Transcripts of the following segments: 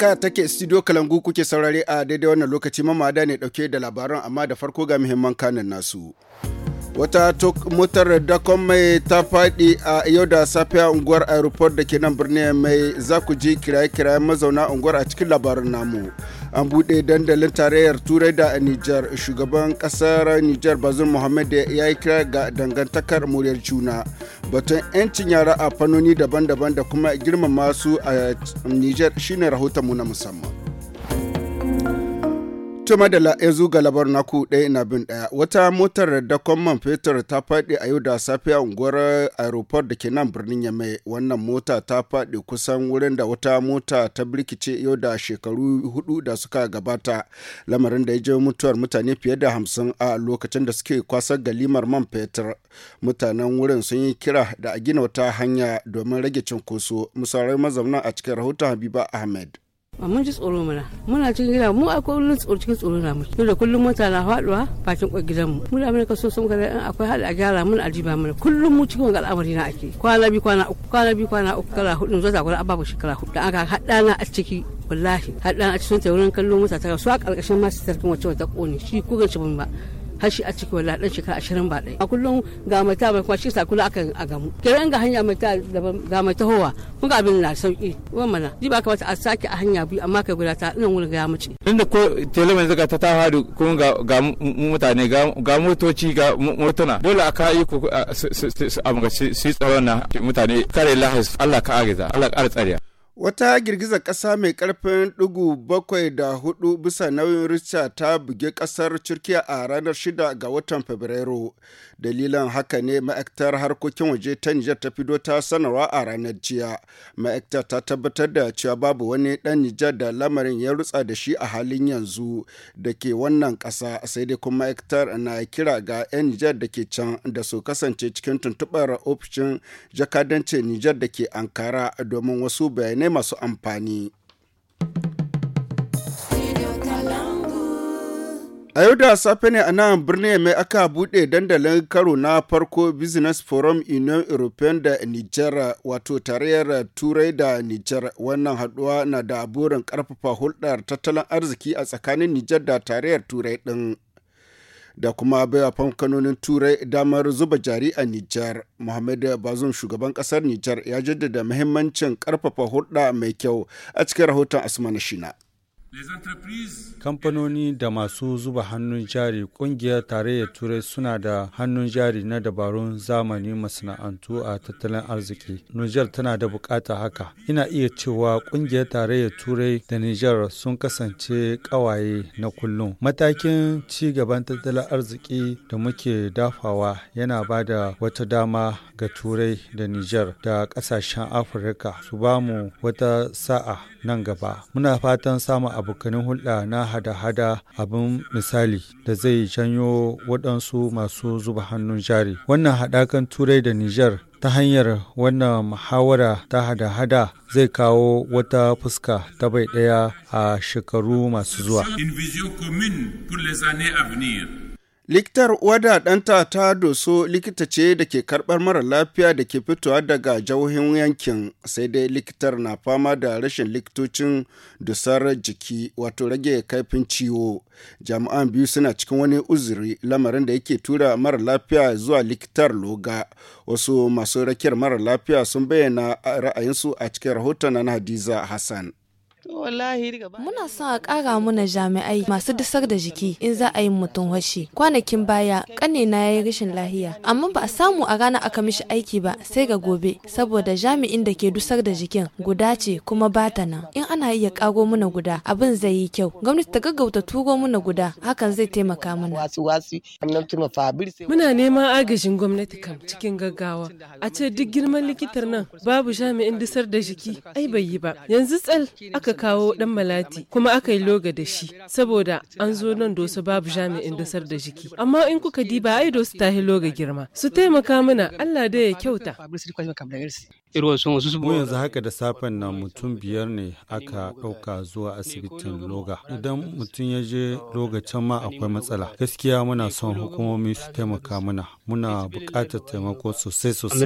Haka take studio Kalangu kuke saurare a daidai wannan lokaci mamada ne dauke da labaran amma da farko ga muhimman kanin nasu. Wata motar dakon mai ta faɗi a yau da safiya unguwar aeroport da ke nan birni mai za ku ji kiraye-kirayen mazauna unguwar a cikin labarin namu. An buɗe dandalin tarayyar Turai da Nijar shugaban ƙasar Nijar Bazin Muhammad ya yi kira ga dangantakar muryar juna. batun 'yancin yara a fannoni daban-daban da kuma girmama su a Nijar shine rahoton mu na musamman. Tuma da ya zuga labar naku ɗaya na bin ɗaya. Wata motar da man fetur ta faɗi a yau da safiya unguwar aeroport da ke nan birnin Yamai. Wannan mota ta faɗi kusan wurin da wata mota ta birkice yau da shekaru hudu da suka gabata. Lamarin da ya je mutuwar mutane fiye da hamsin a lokacin da suke kwasar galimar man fetur. Mutanen wurin sun yi kira da a gina wata hanya domin rage cunkoso. Musarai mazauna a cikin rahoton Habiba Ahmed. mun ji tsoro mana muna cikin gida mu akwai kullum tsoro cikin tsoro na mu da kullum mota na faduwa bakin kwa gidan mu Mun da ka so sun kare akwai hali a gyara mun ajiba mana kullum mu cikin wannan al'amari na ake kwana bi kwana uku kwana bi kwana uku kala hudu zuwa ta gurin ababu shekara hudu dan aka hada na a ciki wallahi hada na a cikin ta wurin kallon mota ta su a karkashin masu tarkin wacce ta kone shi ko ganci ba har shi a cikin wala dan shekara ashirin ba ɗaya a kullum ga mata mai kuma shi sa kula akan a gamu kiran ga hanya mata ga mata hawa mun ga abin na sauki mana ji ba ka wata a sake a hanya biyu amma kai guda ta ina wuri ga mace inda ko telemen zaka ta ta hadu ko ga ga mutane ga motoci ga motuna dole aka yi ku su su su tsaron na mutane kare lahas Allah ka agiza Allah ka tsariya Wata girgizar ƙasa mai ƙarfin ɗugu bakwai da hudu bisa nauyin Richter ta buge ƙasar Turkiya a ranar shida ga watan Fabrairu. Dalilan haka ne ma'aikatar harkokin waje ta Nijar ta fido ta sanarwa a ranar jiya. Ma'aikatar ta tabbatar da cewa babu wani ɗan Nijar da lamarin ya rutsa da shi a halin yanzu da ke wannan ƙasa sai dai kuma ma'aikatar na kira ga 'yan Nijar da ke can da su kasance cikin tuntuɓar ofishin jakadancin Nijar da ke Ankara domin wasu bayanai masu amfani. A yau da safe ne a nan birni mai aka buɗe dandalin karo na farko Business Forum Union European da Niger wato tarayyar Turai da Niger wannan haɗuwa na da burin karfafa hulɗar tattalin arziki a tsakanin Niger da tarayyar Turai ɗin. da kuma baiwa famkanonin turai damar zuba jari a Nijar. Muhammad Bazoum shugaban kasar Nijar ya jaddada muhimmancin karfafa hulɗa mai kyau a cikin rahoton Asmanashina. Shina. Kamfanoni da masu zuba hannun jari kungiyar tarayyar turai suna da hannun jari na dabarun zamani masana'antu a tattalin arziki. Nijar tana da bukata haka. Ina iya cewa kungiyar tarayyar turai da Nijar sun kasance kawaye na kullum. Matakin ci gaban tattalin arziki da muke dafawa yana ba da wata dama ga turai da Nijar da kasashen Afirka su ba mu wata sa'a nan gaba. Muna fatan samun abokanin hulɗa na hada-hada abin misali da zai janyo waɗansu masu zuba hannun jari. Wannan haɗakan Turai da Nijar ta hanyar wannan muhawara ta hada-hada zai kawo wata fuska ta bai ɗaya a shekaru masu zuwa. Likitar wada ɗanta ta doso likita ce da ke karɓar mara lafiya da ke fitowa daga jauhin yankin sai dai likitar na fama da rashin likitocin dusar jiki wato rage kaifin ciwo. Jami'an biyu suna cikin wani uzuri lamarin da yake tura mara lafiya zuwa likitar loga. Wasu masu rakiyar mara lafiya sun bayyana ra'ayinsu a cikin rahoton na Hadiza Hassan. Muna son a ƙara muna jami'ai masu dusar da jiki in za a yi mutum washe. Kwanakin baya ƙane na ya yi rashin lahiya, amma ba a samu a rana aka mishi aiki ba sai ga gobe saboda jami'in da ke dusar da jikin guda ce kuma bata nan. In ana iya ƙaro mana guda abin zai yi kyau. Gwamnati ta gaggauta turo muna guda hakan zai taimaka mana. Muna neman agajin gwamnati kam cikin gaggawa. A ce duk girman likitar nan babu jami'in dusar da jiki ai bai yi ba. Yanzu tsal aka kawo dan malati kuma aka yi loga da shi saboda an zo nan dosa babu jami'in dasar da jiki amma in kuka diba ai dosa ta yi loga girma su taimaka mana Allah da ya kyauta mu yanzu haka da safen na mutum biyar ne aka ɗauka zuwa asibitin loga idan mutum ya je loga can ma akwai matsala gaskiya muna son hukumomi su taimaka mana muna buƙatar taimako sosai sosai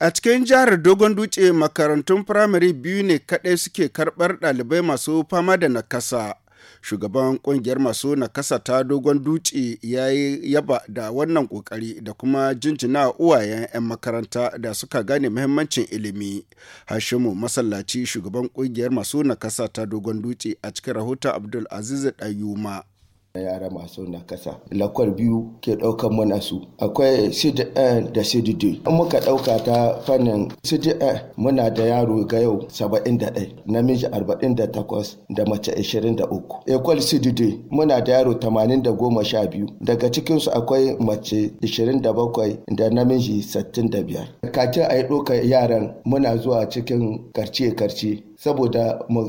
A cikin jihar Dogon Dutse makarantun firamare biyu ne kaɗai suke karɓar ɗalibai masu fama da nakasa. Shugaban ƙungiyar masu nakasa ta Dogon Dutse ya yi yaba da wannan ƙoƙari da kuma jinjina uwayen 'yan makaranta da suka gane muhimmancin ilimi. Hashimu masallaci shugaban ƙungiyar masu nakasa ta Dogon Dutse a cikin rahoton Abdul Aziz Dayuma. yara masu nakasa lakwal biyu ke daukan mana su akwai cdn da cdd in muka dauka ta fannin cdn muna da yaro ga yau 71 namiji 48 da mace 23 equal cdd muna da yaro 80 da goma sha biyu daga cikinsu akwai mace 27 da namiji 65 kacin a yi ɗaukar yaran muna zuwa cikin karce-karce saboda mu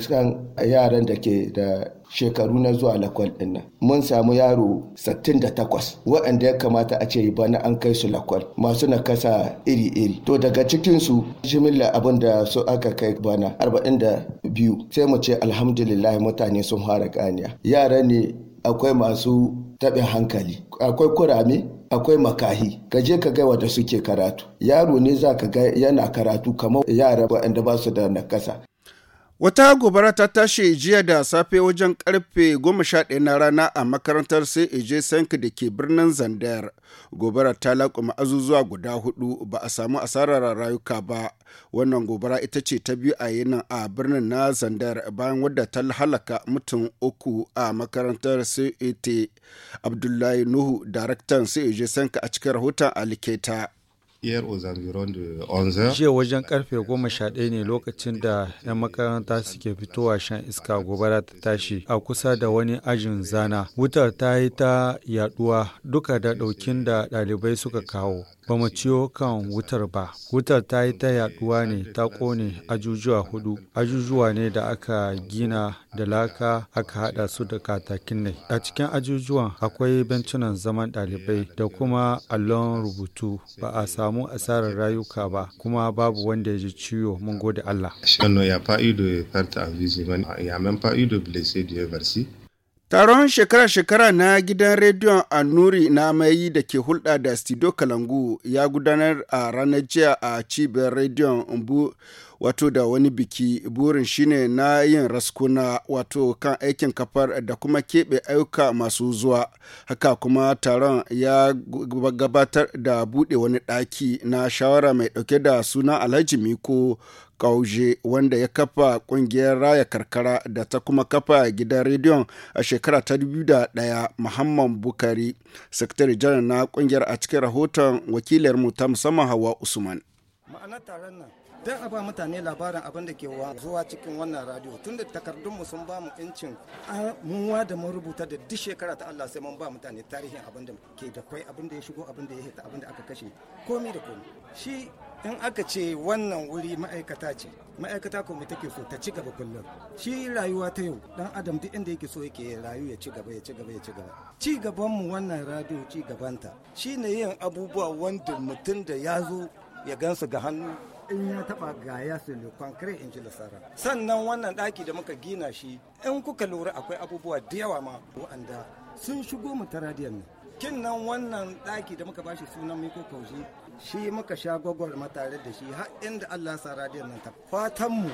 yaran da ke da shekaru na zuwa lakwal din nan mun samu yaro 68 waɗanda ya kamata a ce bana an kai su lakwal masu nakasa iri-iri to daga cikin su jimilla abin da su aka kai bana 42 sai mu ce alhamdulillah mutane sun fara ganiya yara ne akwai masu taɓin hankali akwai kurame akwai makahi ka ka ga wanda suke karatu yaro ne za ka ga yana karatu kamar yara waɗanda ba su da nakasa Wata gobara ta tashi jiya da safe wajen karfe goma sha ɗaya na rana a makarantar sai Ije Sank da ke birnin Zandar. Gobara ta laƙuma azuzuwa guda hudu ba a samu asarar rayuka ba. Wannan gobara ita ce ta biyu a yinin a birnin na Zandar bayan wadda ta halaka mutum uku a makarantar ita Abdullahi Nuhu, daraktan sai Ije Sank a cikin rahoton Aliketa. Jiya wajen karfe goma sha ɗaya ne lokacin da 'yan makaranta suke fitowa shan iska gobara ta tashi a kusa da wani ajin zana. Wutar ta yi ta yaduwa duka da ɗaukin da ɗalibai suka kawo. Ba mu ciyo kan wutar ba. Wutar ta yi ta yaduwa ne ta ƙone ajujuwa hudu. Ajujuwa ne da aka gina da laka aka haɗa su da katakin ne. A cikin ajujuwan akwai bencunan zaman ɗalibai da kuma allon rubutu ba a samu samu asarar rayuka ba kuma babu wanda ya ji ciwo mun gode Allah. Chacun ya fa'ido ya de perte en vie humaine, a même pas Dieu Taron shekara-shekara na gidan rediyon Annuri na mai da ke hulɗa da Studio Kalangu ya gudanar a ranar jiya a cibiyar rediyon Mbu wato da wani biki burin shine na yin raskuna wato kan aikin kafar da kuma keɓe ayyuka masu zuwa haka kuma taron ya gabatar da buɗe wani ɗaki na shawara mai ɗauke da suna Alhaji Miko kauje wanda ya kafa kungiyar raya karkara da ta kuma kafa gidan rediyon a shekara ta daya muhammad bukari sakatare janar na kungiyar a cikin rahoton wakilarmu ta musamman hawa usman ma'anar taron nan don a ba mutane labarin abin da ke zuwa cikin wannan radio tun da takardunmu sun ba mu incin muwa da mun rubuta da duk shekara ta Allah sai mun ba mutane tarihin abin da ke da kwai abin da ya shigo abin da ya hita abin da aka kashe komi da komi shi in aka ce wannan wuri ma'aikata ce ma'aikata kuma take so ta ci gaba kullum shi rayuwa ta yau dan adam duk inda yake so yake rayu ya ci gaba ya ci gaba ya ci gaba ci gaban mu wannan radio ci gabanta shine yin abubuwa wanda mutum da ya zo ya gansu ga hannu in ya taba ya su ne kwankare in ji nasara sannan wannan daki da muka gina shi in kuka lura akwai abubuwa da yawa ma wa'anda sun shigo mu ta radiyon nan kin nan wannan daki da muka bashi sunan miko kaushi shi muka sha gwagwar tare da shi har inda Allah sa radiyon nan ta fatan mu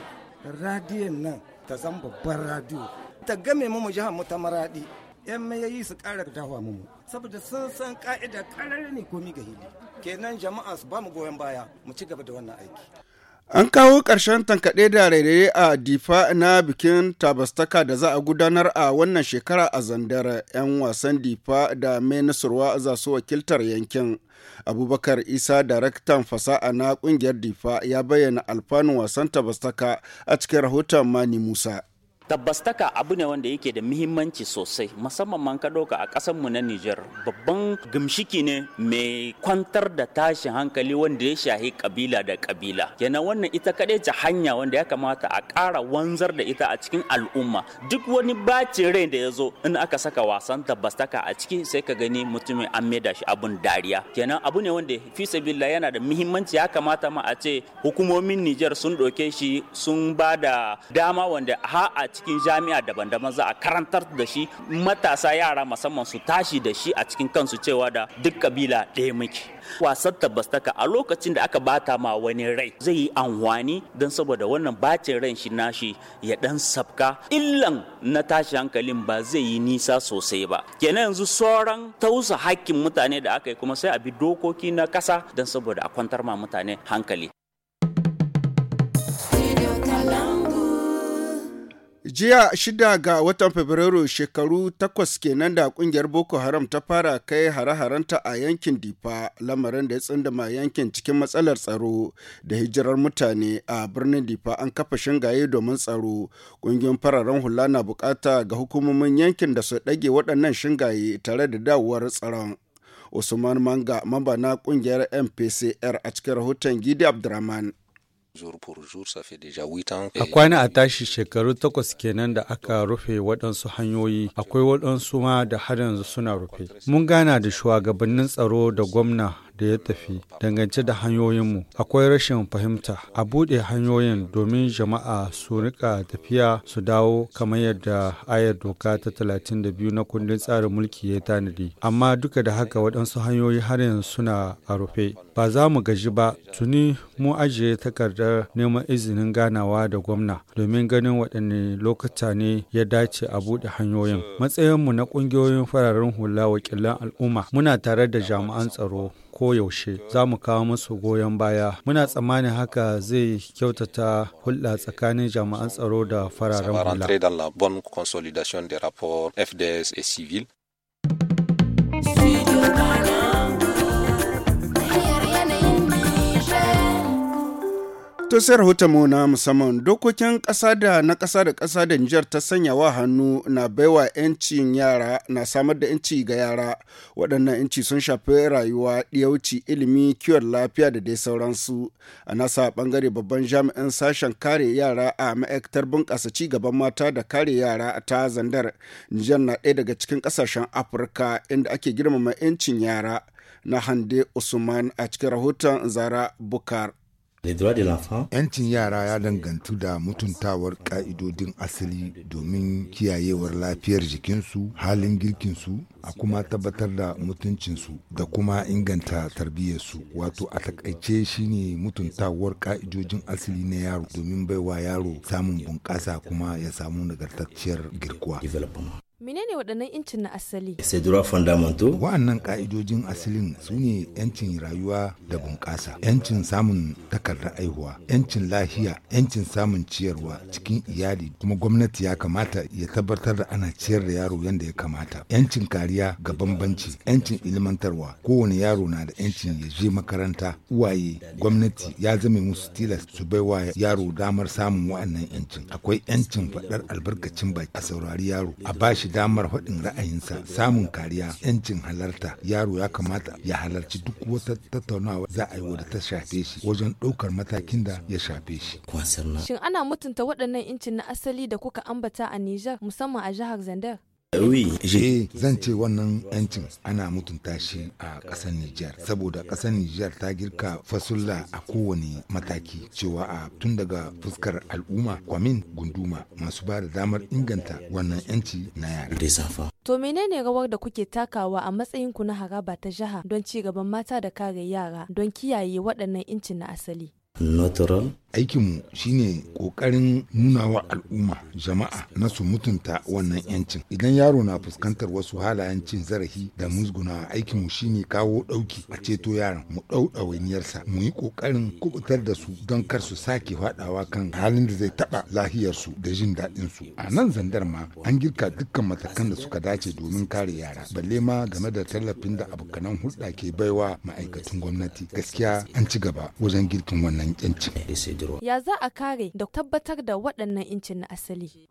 radiyon nan ta zan babban radiyo ta game mu jihar mu ta maradi yan mayayi su ƙara dawa mu saboda sun san ka'ida ƙarar ne komi ga hili kenan jama'a su ba mu goyon baya mu ci gaba da wannan aiki An kawo ƙarshen tankaɗe da rairaye a Difa na bikin Tabastaka da za a gudanar a wannan shekara a Zandar 'yan wasan Difa da Menisurwa za su wakiltar yankin. Abubakar Isa daraktan fasa'a na ƙungiyar Difa ya bayyana alfanun wasan Tabastaka a cikin rahoton Mani Musa. tabbastaka abu ne wanda yake da muhimmanci sosai musamman man ka ɗauka a ƙasar mu na Nijar babban gimshiki ne mai kwantar da tashin hankali wanda ya shahi kabila da kabila kenan wannan ita kaɗai ta hanya wanda ya kamata a ƙara wanzar da ita a cikin al'umma duk wani bace rai da ya zo in aka saka wasan tabbastaka a ciki sai ka gani mutumin an maida shi abun dariya kenan abu ne wanda fi sabila yana da muhimmanci ya kamata ma a ce hukumomin Nijar sun ɗauke shi sun ba da dama wanda ha a cikin jami'a daban-daban za a karantar da shi matasa yara musamman su tashi da shi a cikin kansu cewa da duk kabila ɗaya muke wasan tabbastaka a lokacin da aka bata ma wani rai zai yi amfani don saboda wannan bacin ran shi nashi ya dan sabka illan na tashi hankalin ba zai yi nisa sosai ba kenan yanzu sauran tausa hakkin mutane da aka yi kuma sai a bi dokoki na kasa don saboda a kwantar ma mutane hankali Jiya shida ga watan Fabrairu shekaru takwas kenan da kungiyar Boko Haram ta fara kai hare-harenta a yankin Difa, lamarin da ya tsindama yankin cikin matsalar tsaro da hijirar mutane a birnin Difa an kafa shingaye domin tsaro. kungiyar fararen hula na bukata ga hukumomin yankin da su ɗage waɗannan shingaye tare da dawowar tsaron. Usman Manga, mamba na kungiyar MPCR a cikin rahoton Gidi Abdurrahman. A kwana a tashi shekaru takwas kenan da aka rufe waɗansu hanyoyi, akwai waɗansu ma da har yanzu suna rufe. Mun gana da shugabannin tsaro da gwamna da ya tafi dangance da hanyoyinmu akwai rashin fahimta a buɗe hanyoyin domin jama'a su rika tafiya su dawo kamar yadda ayar doka ta 32 na kundin tsarin mulki ya tanadi amma duka da haka waɗansu hanyoyi har yanzu suna a rufe ba za mu gaji ba tuni mu ajiye takardar neman izinin ganawa da gwamna domin ganin waɗanne lokuta ne ya dace a buɗe hanyoyin matsayinmu na ƙungiyoyin fararen hula wakilan al'umma muna tare da jami'an tsaro koyaushe za mu kawo musu goyon baya muna tsammanin haka zai kyautata hulɗa tsakanin jami'an tsaro da fararen hula. To sai rahoton mu na musamman dokokin kasa da na kasa da kasa da Nijar ta sanya wa hannu na baiwa 'yancin yara na samar da 'yanci ga yara waɗannan 'yanci sun shafi rayuwa ɗiyauci ilimi kiwon lafiya da dai sauransu a nasa bangare babban jami'in sashen kare yara a ma'aikatar bunƙasa ci gaban mata da kare yara ta zandar Nijar na ɗaya daga cikin ƙasashen Afirka inda ake girmama 'yancin yara na Hande Usman a cikin rahoton Zara Bukar. 'Yancin yara ya danganta da mutuntawar ka'idodin asali domin kiyayewar lafiyar jikinsu, halin girkinsu, a kuma tabbatar da mutuncinsu da kuma inganta tarbiyyarsu. Wato a takaice shine mutuntawar ka'idodin asali na yaro domin baiwa yaro samun bunƙasa kuma ya samu nagartacciyar girkuwa. Menene waɗannan incin na asali? Wa'annan ƙa'idojin asalin su ne 'yancin rayuwa da bunƙasa, 'yancin samun takardar aihuwa, 'yancin lahiya, 'yancin samun ciyarwa cikin iyali kuma gwamnati ya kamata ya tabbatar da ana ciyar da yaro yadda ya kamata. 'Yancin kariya ga bambanci, 'yancin ilmantarwa, kowane yaro na da 'yancin ya je makaranta, uwaye, gwamnati ya zame musu tilas su wa yaro damar samun wa'annan 'yancin. Akwai 'yancin faɗar albarkacin baki a saurari yaro, a bashi damar faɗin ra'ayinsa samun kariya yancin halarta yaro ya kamata ya halarci duk wata tattaunawa za a yi wadda ta shafe shi wajen ɗaukar matakin da ya shafe shi. Shin ana mutunta waɗannan incin na asali da kuka ambata a Nijar musamman a jihar Zandar? Eh, zan ce wannan 'yancin ana mutunta shi a ƙasar Nijar, saboda ƙasar Nijar ta girka fasulla a kowane mataki cewa a tun daga fuskar al'umma, kwamin, gunduma masu ba da damar inganta wannan 'yanci na yara. To menene rawar da kuke takawa a matsayin ku na haraba ta jiha don ci gaban mata da kare yara don kiyaye waɗannan yancin na asali? Natural aikinmu shine ƙoƙarin nunawa al'umma jama'a na su mutunta wannan 'yancin idan yaro na fuskantar wasu halayen cin zarafi da musguna aikinmu shine kawo ɗauki a ceto yaron mu ɗau dawainiyarsa mu yi ƙoƙarin kubutar da su don kar su sake faɗawa kan halin da zai taɓa lahiyarsu da jin su a nan zandar ma an girka dukkan matakan da suka dace domin kare yara balle ma game da tallafin da abokanan hulɗa ke baiwa ma'aikatan gwamnati gaskiya an ci gaba wajen girkin wannan 'yancin ya za a kare da tabbatar da waɗannan incin na asali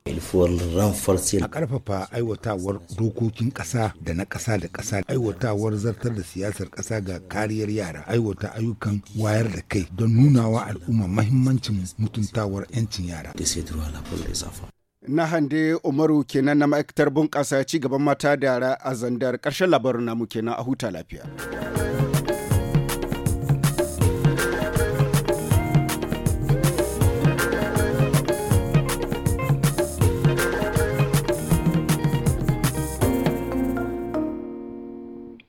a ƙarfafa aiwatawar dokokin ƙasa da na ƙasa da ƙasa aiwatawar zartar da siyasar ƙasa ga kariyar yara aiwata ayyukan wayar da kai don nunawa al'umma mahimmancin mutuntawar 'yancin yara na hande umaru kenan na ma'aikatar bunƙasa ci gaban mata da yara a zandar karshen labarin namu kenan a huta lafiya